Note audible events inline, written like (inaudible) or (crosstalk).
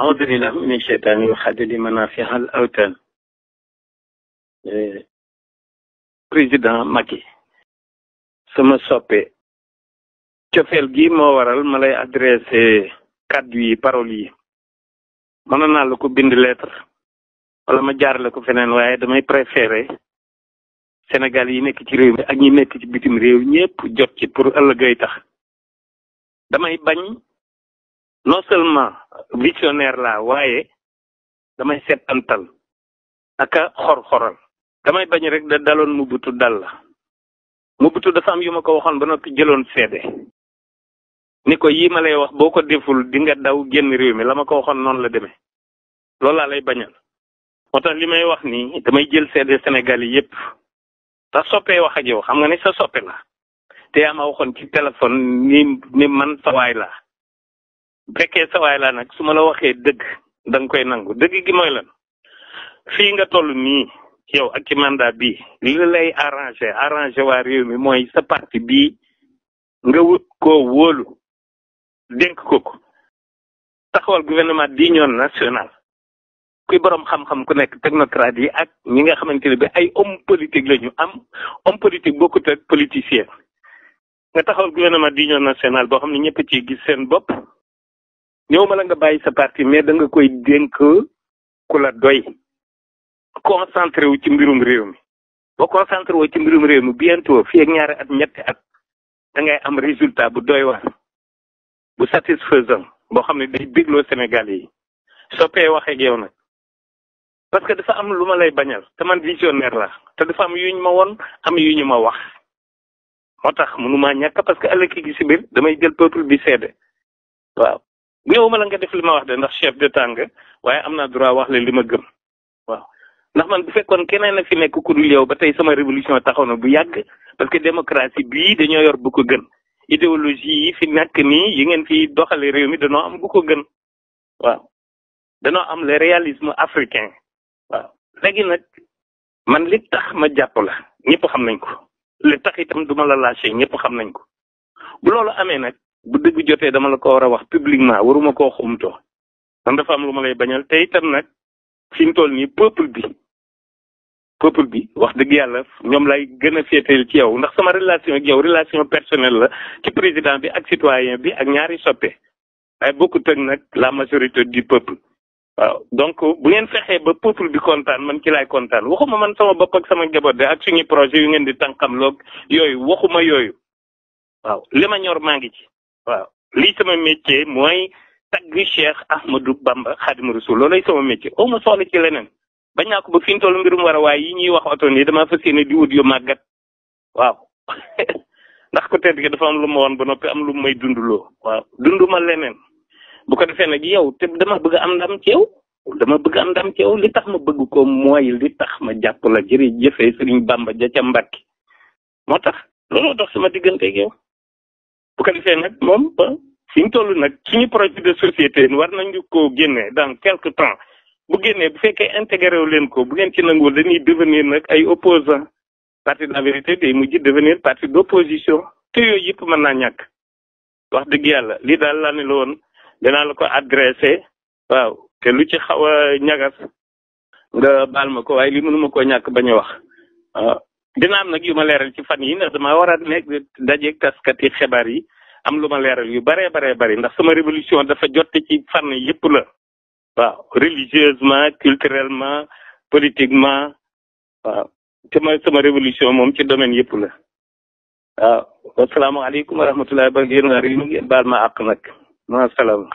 أعوذ بالله من الشيطان يحدد منافع الأوتان président Macky sama soppe cofeel gi moo waral ma lay adressé kàddu yi parole yi mënoon naa la ko bind lettre wala ma jaarle ko feneen waaye damay préféré Sénégal yi nekk ci réew mi ak ñi nekk ci bitim réew ñépp jot ci pour ëllëgay tax damay bañ non seulement visionnaire la waaye damay settantal ak xor-xoral damay bañ rek da daloon Mobutu dal la Mobutu dafa am yu ma ko waxoon ba noppi jëloon seede ni ko yii ma lay wax boo ko deful dinga daw génn réew mi la ma ko waxoon noonu la demee loolu laa lay bañal moo tax li may wax nii damay jël seede Sénégal yi yépp sa soppee wax ak yow xam nga ni sa soppe la te yaa ma waxoon ci téléphone ni ni man sawaay waay laa bu fekkee sa laa nag su ma la waxee dëgg danga koy nangu dëgg gi mooy lan fii nga toll nii yow ak ci mandat bii li lay arrangé arrangé waa réew mi mooy sa parti bi nga wut wóolu dénk ko ko taxawal gouvernement d'union nationale kuy borom xam-xam ku nekk technocrate yi ak ñi nga xamante ne bi ay homme politique la ñu am homme politique bokkut ak politicien nga taxawal gouvernement d'union nationale boo xam ne ñëpp ci gis seen bopp ñëw ma la nga bàyyi sa parti mais da nga koy dénk ku la doy concentré wu ci mbirum réew mi boo concentré woo ci mbirum réew mi bientôt fii ak ñaari at ñetti at da ngay am résultat bu doy waar bu satisfaisant boo xam ne day bégloo Sénégal yi soppee wax ak yow nag parce que dafa am lu ma lay bañal te man visionnaire la te dafa am yuñ ma woon am yu ñu ma wax moo tax mënumaa ñàkk parce que ëllëg gi si biir damay jël peuple bi seede waaw ma la nga def li ma wax de ndax chef de tàng waaye am na droit wax le li ma gëm waaw ndax man bu fekkoon keneen nag fi nekk ku dul yow ba tey sama révolution taxaw na bu yàgg parce que démocratie bii dañoo yor bu ko gën idéologie yi fi nakk nii yi ngeen fi doxale réew mi danoo am bu ko gën waaw danoo am le réalisme africain waaw léegi nag man li tax ma jàpp la ñëpp xam nañ ko li tax itam duma la lâché ñëpp xam nañ ko bu loolu amee nag bu dëgg jotee dama la ko war a wax publiquement waruma koo xumtoo man dafa am lu ma lay bañal te itam nag fi mu toll nii peuple bi peuple bi wax dëgg yàlla ñoom lay gën a féeteel ci yow ndax sama relation ak yow relation personnelle la ci président bi ak citoyen bi ak ñaari soppe waaye bokkut ak nag la majorité du peuple waaw donc bu ngeen fexee ba peuple bi kontaan man ci laay kontaan waxuma man sama bopp ak sama njaboot de ak suñu projet yu ngeen di tànqamloog yooyu waxuma ma ñor waaw lii sama métier mooy tagg Cheikh Ahmadou Bamba Xaadimu Rasuul loolay sama métier aw ma soxla ci leneen bañ naa ko ba fi ñu toll mbirum war a waaye yi ñuy wax oto nii dama fas yéene di wut yu màggat waaw (laughs) ndax ko tedd gi dafa am lu ma woon ba noppi am lu may dunduloo waaw dunduma leneen bu ko defee nag yow te dama bëgg am ndam ci yow dama bëgg am ndam ci yow li tax ma bëgg ko mooy li tax ma jàpp la jërëjëfee Sëriñ Bamba ja ca Mbàkke moo tax looloo dox diggante ak bu ko defee nag moom fi ñu toll nag suñu projet de société war nañu ko génne dans quelque temps bu génnee bu fekkee intégré wu leen ko bu ngeen ci nanguwul dañuy devenir nag ay opposant parti de la vérité day mujj devenir parti d' opposition te yooyu yëpp mën naa ñàkk wax dëgg yàlla lii daal laa ne la woon danaa la ko adressé waaw te lu ci xaw a ñagas nga baal ma ko waaye li mënuma koo ñàkk bañ a wax ah, dina am nag yu ma leeral ci fan yi ndax dama war a nekk dajeeg yi xibaar yi am lu ma leeral yu baree baree bari ndax sama révolution dafa jot ci fànn yëpp la waaw religieusement culturellement politiquement waaw te ma sama révolution moom ci domaine yëpp la waaw asalaamaaleykum wa rahmatulah ba ngeen waa réew ngeen baal ma àq nag ma salaam